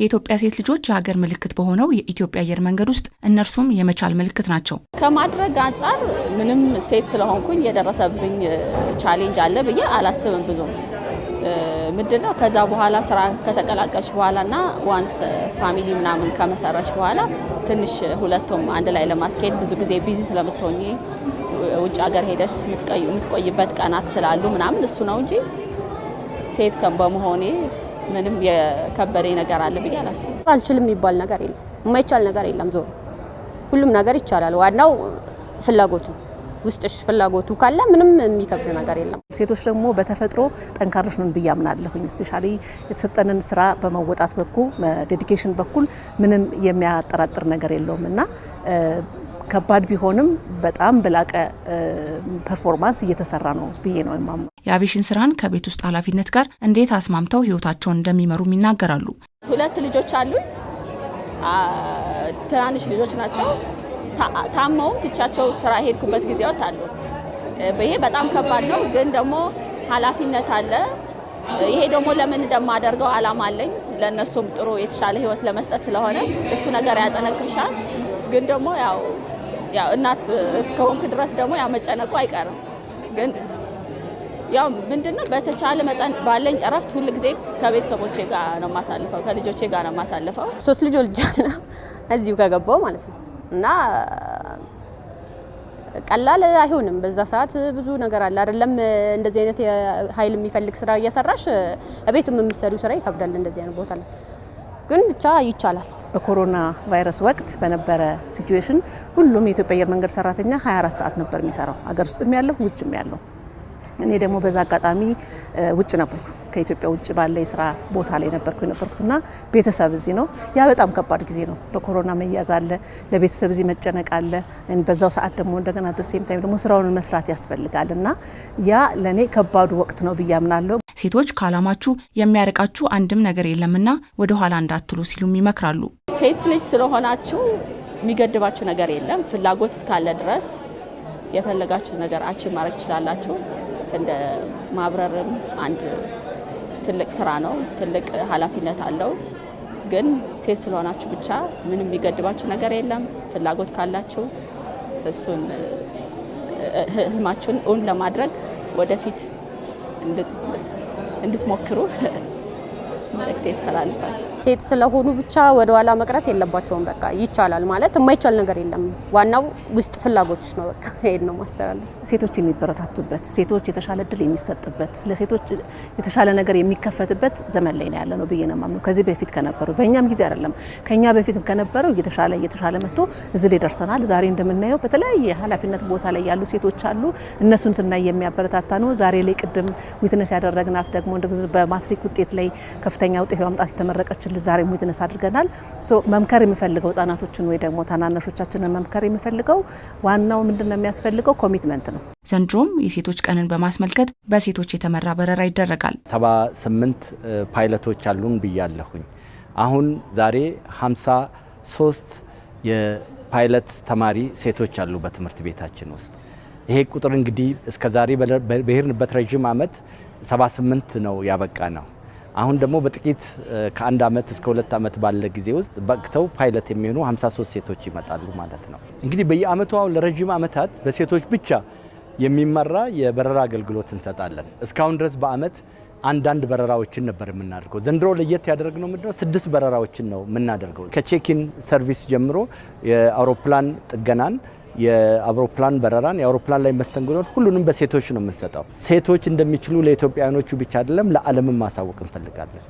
የኢትዮጵያ ሴት ልጆች የሀገር ምልክት በሆነው የኢትዮጵያ አየር መንገድ ውስጥ እነርሱም የመቻል ምልክት ናቸው። ከማድረግ አንጻር ምንም ሴት ስለሆንኩኝ የደረሰብኝ ቻሌንጅ አለ ብዬ አላስብም። ብዙም ምንድነው ከዛ በኋላ ስራ ከተቀላቀልሽ በኋላ እና ዋንስ ፋሚሊ ምናምን ከመሰረች በኋላ ትንሽ ሁለቱም አንድ ላይ ለማስኬድ ብዙ ጊዜ ቢዚ ስለምትሆኝ ውጭ ሀገር ሄደሽ የምትቆይበት ቀናት ስላሉ ምናምን እሱ ነው እንጂ ሴት በመሆኔ ምንም የከበደ ነገር አለ ብዬ አላስብም። አልችልም የሚባል ነገር የለም፣ የማይቻል ነገር የለም። ዞሮ ሁሉም ነገር ይቻላል። ዋናው ፍላጎቱ ውስጥሽ ፍላጎቱ ካለ ምንም የሚከብድ ነገር የለም። ሴቶች ደግሞ በተፈጥሮ ጠንካሮች ምን ብዬ አምናለሁኝ። እስፔሻሊ የተሰጠንን ስራ በመወጣት በኩል ዴዲኬሽን በኩል ምንም የሚያጠራጥር ነገር የለውም እና ከባድ ቢሆንም በጣም በላቀ ፐርፎርማንስ እየተሰራ ነው ብዬ ነው የማምነው። የአቪሽን ስራን ከቤት ውስጥ ኃላፊነት ጋር እንዴት አስማምተው ህይወታቸውን እንደሚመሩም ይናገራሉ። ሁለት ልጆች አሉኝ። ትናንሽ ልጆች ናቸው። ታመውም ትቻቸው ስራ ሄድኩበት ጊዜዎች አሉ። ይሄ በጣም ከባድ ነው፣ ግን ደግሞ ኃላፊነት አለ። ይሄ ደግሞ ለምን እንደማደርገው አላማ አለኝ። ለእነሱም ጥሩ የተሻለ ህይወት ለመስጠት ስለሆነ እሱ ነገር ያጠነክርሻል ግን ደግሞ ያው ያው እናት እስከሆንክ ድረስ ደግሞ ያ መጨነቁ አይቀርም። ግን ያው ምንድነው በተቻለ መጠን ባለኝ እረፍት ሁል ጊዜ ከቤተሰቦቼ ጋር ነው ማሳልፈው፣ ከልጆቼ ጋር ነው ማሳልፈው። ሶስት ልጆ ልጅ እዚሁ ከገባው ማለት ነው እና ቀላል አይሆንም። በዛ ሰዓት ብዙ ነገር አለ አይደለም። እንደዚህ አይነት ኃይል የሚፈልግ ስራ እየሰራሽ ቤትም የምትሰሪው ስራ ይከብዳል። እንደዚህ አይነት ቦታ ላይ ግን ብቻ ይቻላል። በኮሮና ቫይረስ ወቅት በነበረ ሲቹዌሽን ሁሉም የኢትዮጵያ አየር መንገድ ሰራተኛ 24 ሰዓት ነበር የሚሰራው፣ አገር ውስጥም ያለው ውጭም ያለው። እኔ ደግሞ በዛ አጋጣሚ ውጭ ነበርኩ፣ ከኢትዮጵያ ውጭ ባለ የስራ ቦታ ላይ ነበርኩ የነበርኩትና ቤተሰብ እዚህ ነው። ያ በጣም ከባድ ጊዜ ነው። በኮሮና መያዝ አለ፣ ለቤተሰብ እዚህ መጨነቅ አለ። በዛው ሰዓት ደግሞ እንደገና ደሴም ታይም ደግሞ ስራውን መስራት ያስፈልጋል እና ያ ለእኔ ከባዱ ወቅት ነው ብዬ አምናለሁ። ሴቶች ከዓላማችሁ የሚያርቃችሁ አንድም ነገር የለምና ወደ ኋላ እንዳትሉ ሲሉም ይመክራሉ። ሴት ልጅ ስለሆናችሁ የሚገድባችሁ ነገር የለም። ፍላጎት እስካለ ድረስ የፈለጋችሁ ነገር አች ማድረግ ትችላላችሁ። እንደ ማብረርም አንድ ትልቅ ስራ ነው፣ ትልቅ ኃላፊነት አለው። ግን ሴት ስለሆናችሁ ብቻ ምንም የሚገድባችሁ ነገር የለም። ፍላጎት ካላችሁ እሱን ህልማችሁን እውን ለማድረግ ወደፊት እንድትሞክሩ መልእክቴ ይስተላልፋል። ሴት ስለሆኑ ብቻ ወደ ኋላ መቅረት የለባቸውም። በቃ ይቻላል ማለት የማይቻል ነገር የለም። ዋናው ውስጥ ፍላጎቶች ነው። በቃ ይሄን ነው ማስተላለፍ። ሴቶች የሚበረታቱበት፣ ሴቶች የተሻለ እድል የሚሰጥበት፣ ለሴቶች የተሻለ ነገር የሚከፈትበት ዘመን ላይ ነው ያለ ነው ብዬ ነው የማምነው። ከዚህ በፊት ከነበረው በእኛም ጊዜ አይደለም ከኛ በፊት ከነበረው እየተሻለ እየተሻለ መጥቶ እዚህ ላይ ደርሰናል። ዛሬ እንደምናየው በተለያየ ኃላፊነት ቦታ ላይ ያሉ ሴቶች አሉ። እነሱን ስናይ የሚያበረታታ ነው። ዛሬ ላይ ቅድም ዊትነስ ያደረግናት ደግሞ በማትሪክ ውጤት ላይ ከፍተኛ ውጤት በማምጣት የተመረቀች ዝግጅታችን ዛሬ ዊትነስ አድርገናል። መምከር የሚፈልገው ህጻናቶችን ወይ ደግሞ ታናናሾቻችንን መምከር የሚፈልገው ዋናው ምንድን ነው የሚያስፈልገው ኮሚትመንት ነው። ዘንድሮም የሴቶች ቀንን በማስመልከት በሴቶች የተመራ በረራ ይደረጋል። ሰባ ስምንት ፓይለቶች አሉን ብያለሁኝ። አሁን ዛሬ ሀምሳ ሶስት የፓይለት ተማሪ ሴቶች አሉ በትምህርት ቤታችን ውስጥ። ይሄ ቁጥር እንግዲህ እስከዛሬ በሄድንበት ረዥም ዓመት ሰባ ስምንት ነው ያበቃ ነው። አሁን ደግሞ በጥቂት ከአንድ ዓመት እስከ ሁለት ዓመት ባለ ጊዜ ውስጥ በቅተው ፓይለት የሚሆኑ 53 ሴቶች ይመጣሉ ማለት ነው። እንግዲህ በየዓመቱ አሁን ለረዥም ዓመታት በሴቶች ብቻ የሚመራ የበረራ አገልግሎት እንሰጣለን። እስካሁን ድረስ በዓመት አንዳንድ በረራዎችን ነበር የምናደርገው። ዘንድሮ ለየት ያደረግነው ምንድነው? ስድስት በረራዎችን ነው የምናደርገው። ከቼኪን ሰርቪስ ጀምሮ የአውሮፕላን ጥገናን የአውሮፕላን በረራን የአውሮፕላን ላይ መስተንግዶን ሁሉንም በሴቶች ነው የምንሰጠው። ሴቶች እንደሚችሉ ለኢትዮጵያውያኖቹ ብቻ አይደለም ለዓለምን ማሳወቅ እንፈልጋለን።